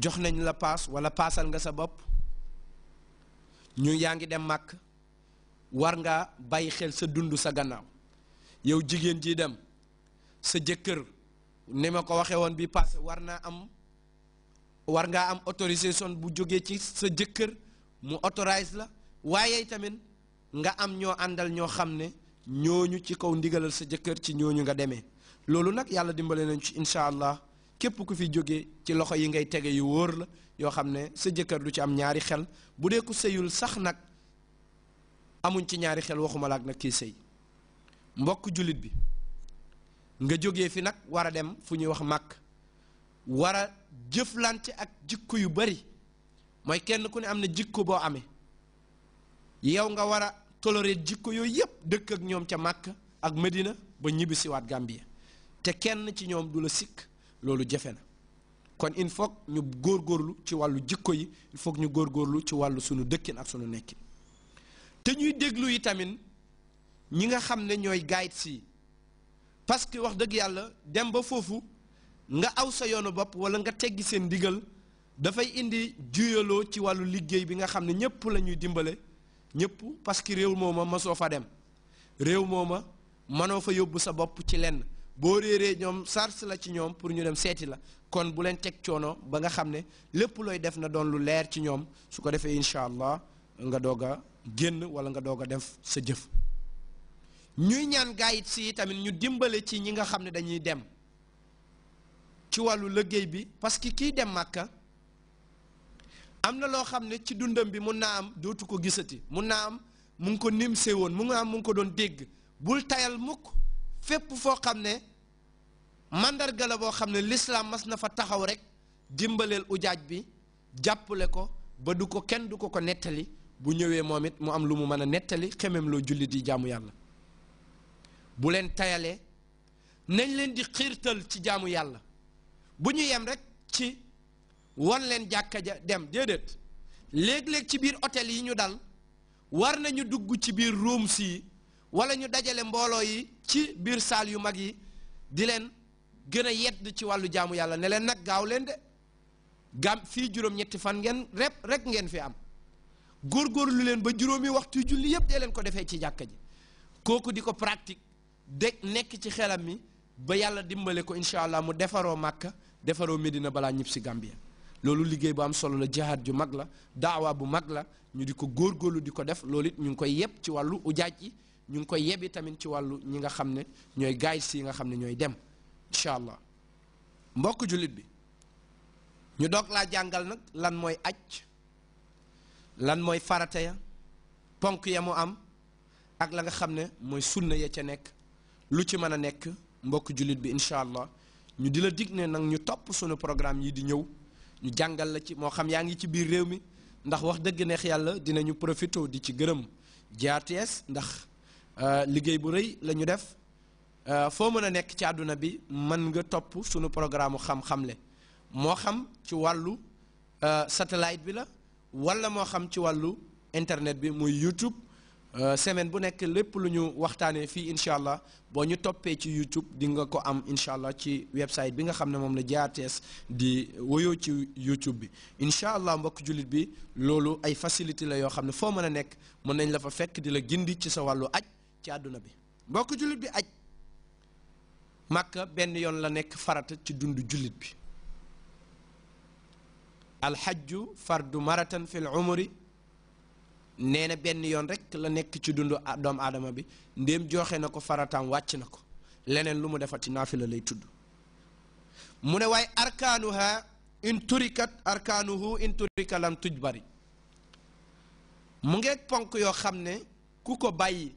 jox nañ la paas wala paasal nga sa bopp ñu yaa ngi dem màkk war nga bàyyi xel sa dund sa gannaaw yow ji dem sa ko bi am war ngaa am autorisation bu jógee ci sa mu authorize la waaye tamit nga am nyu andal nyu xam ne ñooñu ci kaw ndigalal sa jëkkër ci ñooñu nga demee loolu nag nañ ci allah képp ku fi jóge ci loxo yi ngay tege yu wóor la yoo xam ne sa jëkkër du ci am ñaari xel bu dee ko sëyul sax nag amuñ ci ñaari xel waxuma la ak nag kii sëy mbokk jullit bi nga jóge fi nag war a dem fu ñuy wax màkk war a jëflante ak jikko yu bari mooy kenn ku ne am na jikko boo amee yow nga war a tolérer jikko yooyu yépp dëkk ak ñoom ca màkk ak Medina ba ñibbisiwaat Gambie te kenn ci ñoom du la sikk loolu jafe na kon il faut ñu góor góorlu ci wàllu jikko yi il faut ñu góorlu ci wàllu sunu dëkkin ak sunu nekkin te ñuy déglu yi tamit ñi nga xam ne ñooy gaayit si parce que wax dëgg yàlla dem ba foofu nga aw sa yoonu bopp wala nga teggi seen ndigal dafay indi juyaloo ci wàllu liggéey bi nga xam ne ñëpp la ñuy dimbale ñëpp parce que réew mooma ma soo fa dem réew mooma ma mënoo fa yóbbu sa bopp ci lenn boo réeree ñoom sars la ci ñoom pour ñu dem seeti la kon bu leen teg coono ba nga xam ne lépp looy def na doon lu leer ci ñoom su ko defee incha allah nga doog a génn wala nga doog a def sa jëf ñuy ñaan gaa yit si tamit ñu dimbale ci ñi nga xam ne dañuy dem ci wàllu liggéey bi parce que kiy dem màkka am na loo xam ne ci dundam bi mun naa am dootu ko gisati mun naa am mu ngi ko nimsee woon mu nga am mu ngi ko doon dégg bul tayal mukk fépp foo xam ne mandarga la boo xam ne lislaam mas na fa taxaw rekk dimbaleel ujaaj bi jàppale ko ba du ko kenn du ko ko nettali bu ñëwee moom it mu am lu mu mën a nettali xemem loo jullit yi jaamu yàlla bu leen tayalee nañ leen di xiirtal ci jaamu yàlla bu ñu yem rekk ci won leen jàkka ja dem déedéet léeg-léeg ci biir hôtel yi ñu dal war nañu dugg ci biir room si wala ñu dajale mbooloo yi ci biir saal yu mag yi di leen gën a yedd ci wàllu jaamu yàlla ne leen nag gaaw leen de gam fii juróom-ñetti fan ngeen rep rek ngeen fi am góor góor lu leen ba juróomi waxtu julli yëpp dee leen ko defee ci jàkka ji kooku di ko pratique de nekk ci xelam mi ba yàlla dimbale ko incha allah mu defaroo màkk defaroo Medina balaa ñib si Gambia loolu liggéey bu am solo la jihaad ju mag la daawa bu mag la ñu di ko góorgóorlu di ko def loolu it ñu ngi koy yëpp ci wàllu ujaaj yi ñu ngi koy yebi tamit ci wàllu ñi nga xam ne ñooy gaay si yi nga xam ne ñooy dem incha allah mbokk jullit bi ñu dog laa jàngal nag lan mooy aj lan mooy farata ya ponk ya mu am ak la nga xam ne mooy sunna ya ca nekk lu ci mën a nekk mbokk jullit bi incha allah ñu di la dig ne nag ñu topp sunu programme yi di ñëw ñu jàngal la ci moo xam yaa ngi ci biir réew mi ndax wax dëgg neex yàlla dinañu profité di ci gërëm GRTS ndax Euh, liggéey bu rëy la ñu def euh, foo mën a nekk ci àdduna bi mën nga topp sunu programme xam-xamle moo xam ci wàllu euh, satellite bi la wala moo xam ci wàllu internet bi muy YouTube semaine bu nekk lépp lu ñu waxtaanee fii incha allah boo ñu toppee ci YouTube di nga ko am incha allah ci website bi nga xam ne moom la GRTS di woyoo ci YouTube bi incha allah mbokk jullit bi loolu ay facilité la yoo xam ne foo mën a nekk mën nañ la fa fekk di la gindi ci sa wàllu aj ci àdduna bi mbokk jullit bi aj màkka benn yoon la nekk farata ci dundu jullit bi alxajju fardu maratan fil umri nee na benn yoon rekk la nekk ci dundu doomu aadama bi ndéem joxe na ko farataam wàcc na ko leneen lu mu defati naafila lay tudd mu ne waaye arkaanuha in arkaanuhu in tuj bari mu ngeeg ponk yoo xam ne ku ko bàyyi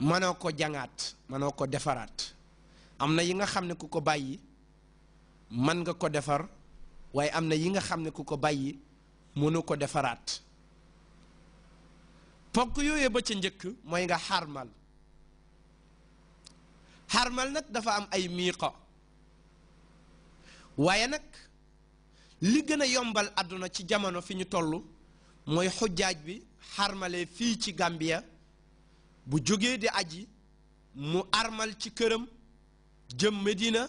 mënoo ko jangaat mënoo ko defaraat am na yi nga xam ne ku ko bàyyi mën nga ko defar waaye am na yi nga xam ne ku ko bàyyi mënu ko defaraat ponk yooyu ba ca njëkk mooy nga xarmal xarmal nag dafa am ay miiqa waaye nag li gën a yombal àdduna ci jamono fi ñu toll mooy xujjaaj bi xarmalee fii ci Gambia bu jógee di aji mu armal ci këram jëm Medina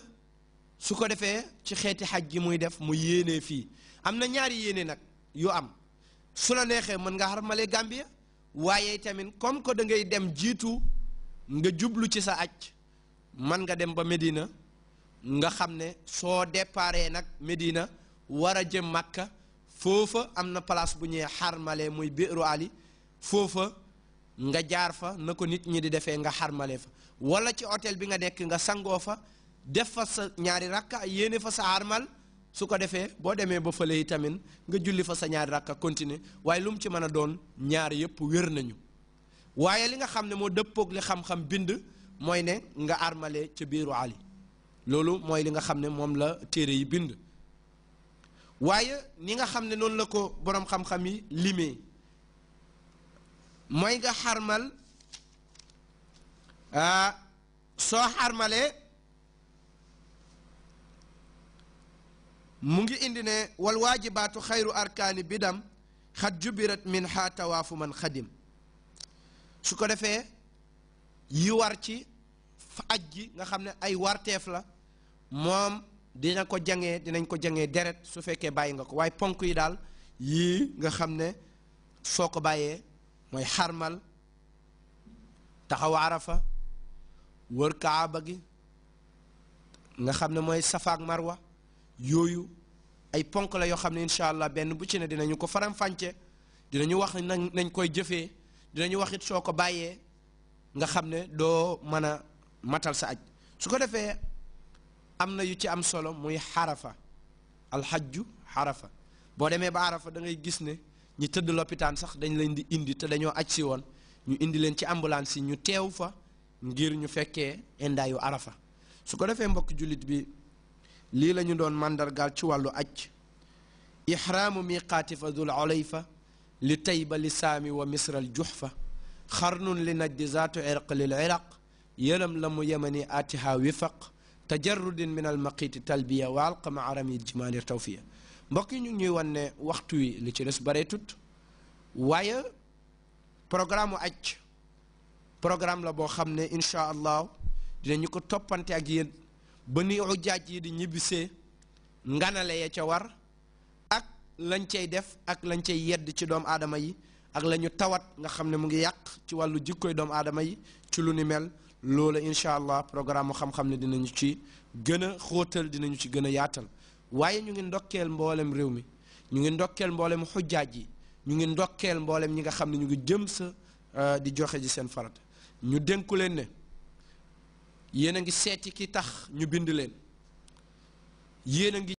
su ko defee ci xeeti xaj gi muy def mu yéenee fii am na ñaari yéene nag yu am su la neexee mën nga armalee Gambia waaye tamit comme que da dem jiitu nga jublu ci sa aj mën nga dem ba Medina nga xam ne soo déparee nag Medina war a jëm Makka foofa am na place bu ñuy xarmalee muy Biiru Ali foofa nga jaar fa na ko nit ñi di defee nga xarmale fa wala ci hôtel bi nga nekk nga sangoo fa def fa sa ñaari rakka yéene fa sa armal su ko defee boo demee ba fële yi tamit nga julli fa sa ñaari rakka continuer waaye lu mu ci mën a doon ñaar yëpp wér nañu waaye li nga xam ne moo dëppoog li xam bind mooy ne nga armale ca biiru ali loolu mooy li nga xam ne moom la téere yi bind waaye ni nga xam ne noonu la ko boroom xam-xam yi lime mooy nga xarmal ah, soo xarmalee mu ngi indi ne wal waajibaatu xayru arkaani bidam xat jubirat min xaa tawaafu man xadim su ko defee yi war ci aj ji nga xam ne ay warteef la moom dina ko jangee dinañ ko jangee deret su fekkee bàyyi nga ko waaye ponk yi daal yii nga xam ne soo ko bàyyee mooy xarmal taxaw arafa wër kaaba gi nga xam ne mooy safa ak marwa yooyu ay ponk la yoo xam ne incha allah benn bu ci ne dinañu ko faram-fàcce dinañu wax nañ koy jëfee dinañu wax it soo ko bàyyee nga xam ne doo mën a matal sa aj su ko defee am na yu ci am solo muy xarafa alxajju xarafa boo demee ba arafa da ngay gis ne ñi tëdd l'hôpital sax dañ leen di indi te dañoo aj si woon ñu indi leen ci ambulance yi ñu teew fa ngir ñu fekkee indaayu arafa su ko defee mbokk julit bi lii la ñu doon màndargaal ci wàllu aj ihraamu miqaati fa dul olayfa li tayba li saami wa misral juxfa xarnun li najdi zaatu irq lil iraq yëlam la mu yemani aatiha wifaq tajarrudin min almaqiiti talbiya wa alqa ma aram yi jimaani tawfiya mbokk yi ñu ñuy wan waxtu wi li ci des bareetut waaye programme aj programme la boo xam ne incha allah dinañu ko toppante ak yéen ba ni ujaaj yi di ñibbisee nganale ya ca war ak lañ cay def ak lañ cay yedd ci doom aadama yi ak lañu tawat nga xam ne mu ngi yàq ci wàllu jikkoy doomu aadama yi ci lu ni mel loola incha allah programme mu xam-xam ne dinañu ci gën a xóotal dinañu ci gën a yaatal waaye ñu ngi ndokkeel mboolem réew mi ñu ngi ndokkeel mboolem xujjaaj yi ñu ngi ndokkeel mboolem ñi nga xam ne ñu ngi jëm sa euh, di joxe ji seen farata ñu dénku leen ne yéen a ngi seeti ki tax ñu bind leen yéen a ngi